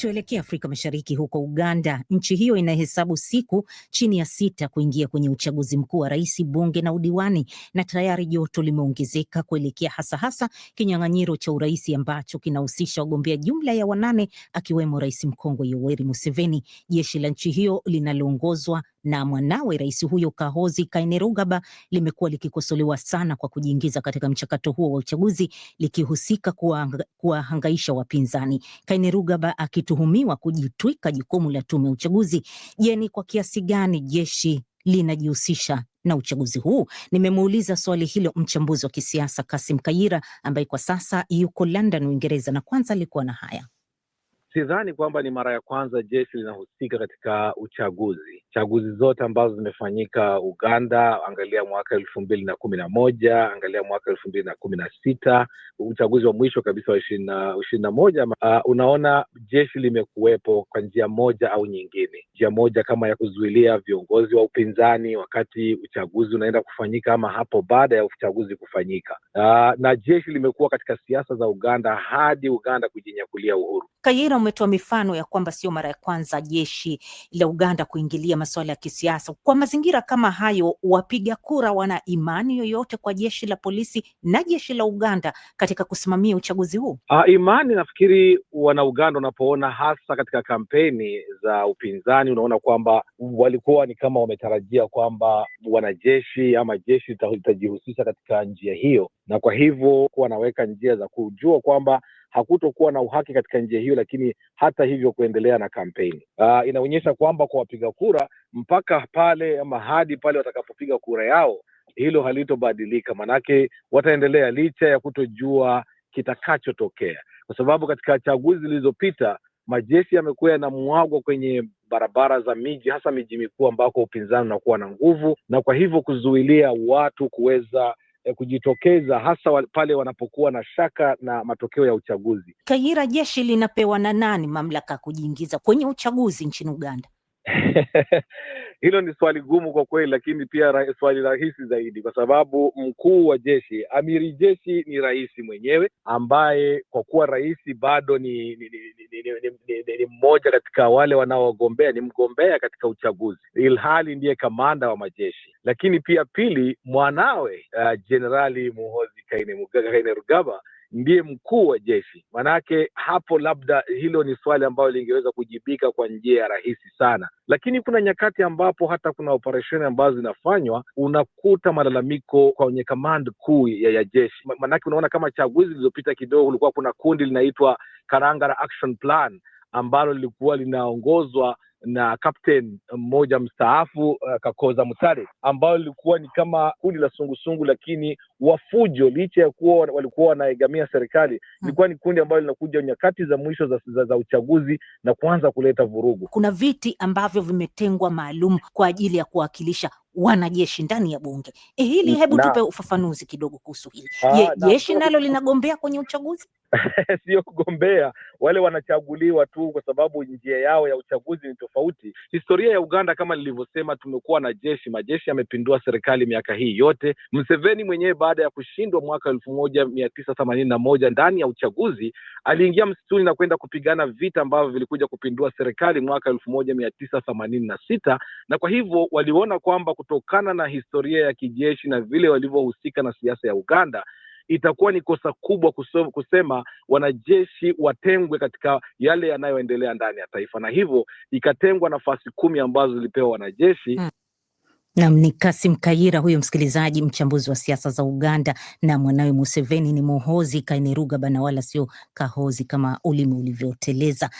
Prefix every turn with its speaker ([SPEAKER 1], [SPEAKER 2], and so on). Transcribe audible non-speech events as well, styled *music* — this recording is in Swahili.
[SPEAKER 1] Tuelekea Afrika Mashariki, huko Uganda. Nchi hiyo inahesabu siku chini ya sita kuingia kwenye uchaguzi mkuu wa rais, bunge na udiwani, na tayari joto limeongezeka kuelekea hasa hasa kinyang'anyiro cha urais ambacho kinahusisha wagombea jumla ya wanane, akiwemo rais mkongwe Yoweri Museveni. Jeshi la nchi hiyo linaloongozwa na mwanawe rais huyo Kahozi Kainerugaba limekuwa likikosolewa sana kwa kujiingiza katika mchakato huo wa uchaguzi likihusika kuwahangaisha wapinzani. Kainerugaba akituhumiwa kujitwika jukumu la tume ya uchaguzi. Je, ni kwa kiasi gani jeshi linajihusisha na uchaguzi huu? Nimemuuliza swali hilo mchambuzi wa kisiasa Kasim Kayira ambaye kwa sasa yuko London, Uingereza, na kwanza alikuwa na haya
[SPEAKER 2] sidhani kwamba ni mara ya kwanza jeshi linahusika katika uchaguzi. Chaguzi zote ambazo zimefanyika Uganda, angalia mwaka elfu mbili na kumi na moja, angalia mwaka elfu mbili na kumi na sita, uchaguzi wa mwisho kabisa wa ishirini na moja. Uh, unaona jeshi limekuwepo kwa njia moja au nyingine, njia moja kama ya kuzuilia viongozi wa upinzani wakati uchaguzi unaenda kufanyika ama hapo baada ya uchaguzi kufanyika. Uh, na jeshi limekuwa katika siasa za Uganda hadi Uganda kujinyakulia uhuru.
[SPEAKER 1] Kayira, umetoa mifano ya kwamba sio mara ya kwanza jeshi la Uganda kuingilia masuala ya kisiasa. Kwa mazingira kama hayo, wapiga kura wana imani yoyote kwa jeshi la polisi na jeshi la Uganda katika kusimamia uchaguzi huu?
[SPEAKER 2] Uh, imani nafikiri wana Uganda wanapoona, hasa katika kampeni za upinzani, unaona kwamba walikuwa ni kama wametarajia kwamba wanajeshi ama jeshi litajihusisha katika njia hiyo, na kwa hivyo wanaweka njia za kujua kwamba hakutokuwa na uhaki katika njia hiyo, lakini hata hivyo kuendelea na kampeni. Uh, ah, inaonyesha kwamba kwa wapiga kura mpaka pale ama hadi pale watakapopiga kura yao, hilo halitobadilika, maanake wataendelea licha ya kutojua kitakachotokea, kwa sababu katika chaguzi zilizopita majeshi yamekuwa yanamwagwa kwenye barabara za miji, hasa miji mikuu ambako upinzani unakuwa na nguvu, na kwa hivyo kuzuilia watu kuweza eh, kujitokeza hasa pale wanapokuwa na shaka na matokeo ya uchaguzi.
[SPEAKER 1] Kayira, jeshi linapewa na nani mamlaka ya kujiingiza kwenye uchaguzi nchini Uganda?
[SPEAKER 2] *laughs* Hilo ni swali gumu kwa kweli, lakini pia ra swali rahisi zaidi, kwa sababu mkuu wa jeshi, amiri jeshi ni rais mwenyewe, ambaye kwa kuwa rais bado ni ni, ni, ni, ni, ni, ni, ni mmoja katika wale wanaogombea, ni mgombea katika uchaguzi, ilhali ndiye kamanda wa majeshi. Lakini pia pili, mwanawe jenerali eh, muhozi Kainerugaba Kainerugaba ndiye mkuu wa jeshi. Maanake hapo labda hilo ni swali ambalo lingeweza kujibika kwa njia ya rahisi sana, lakini kuna nyakati ambapo hata kuna operesheni ambazo zinafanywa unakuta malalamiko kwenye kamandi kuu ya, ya jeshi. Maanake unaona kama chaguzi zilizopita kidogo, kulikuwa kuna kundi linaitwa Karangara Action Plan ambalo lilikuwa linaongozwa na kapten mmoja mstaafu uh, Kakoza Mutare, ambayo lilikuwa ni kama kundi la sungusungu, lakini wafujo, licha ya kuwa walikuwa wanaegamia serikali. Hmm. Ilikuwa ni kundi ambalo linakuja nyakati za mwisho za, za, za uchaguzi na kuanza kuleta vurugu.
[SPEAKER 1] Kuna viti ambavyo vimetengwa maalum kwa ajili ya kuwakilisha wanajeshi ndani ya bunge. E, hili hebu na, tupe ufafanuzi kidogo kuhusu hili. Ah, Je, jeshi nalo linagombea kwenye uchaguzi?
[SPEAKER 2] *laughs* sio kugombea. Wale wanachaguliwa tu kwa sababu njia yao ya uchaguzi ni tofauti. Historia ya Uganda kama nilivyosema, tumekuwa na jeshi, majeshi yamepindua serikali miaka hii yote. Mseveni mwenyewe baada ya kushindwa mwaka elfu moja mia tisa themanini na moja ndani ya uchaguzi aliingia msituni na kwenda kupigana vita ambavyo vilikuja kupindua serikali mwaka elfu moja mia tisa themanini na sita na kwa hivyo waliona kwamba kutokana na historia ya kijeshi na vile walivyohusika na siasa ya Uganda itakuwa ni kosa kubwa kusema, kusema wanajeshi watengwe katika yale yanayoendelea ndani ya taifa, na hivyo ikatengwa nafasi kumi ambazo zilipewa wanajeshi hmm.
[SPEAKER 1] Nam ni Kasim Kayira huyo msikilizaji, mchambuzi wa siasa za Uganda. Na mwanawe Museveni ni mohozi Kaineruga bana, wala sio Kahozi kama ulimi ulivyoteleza.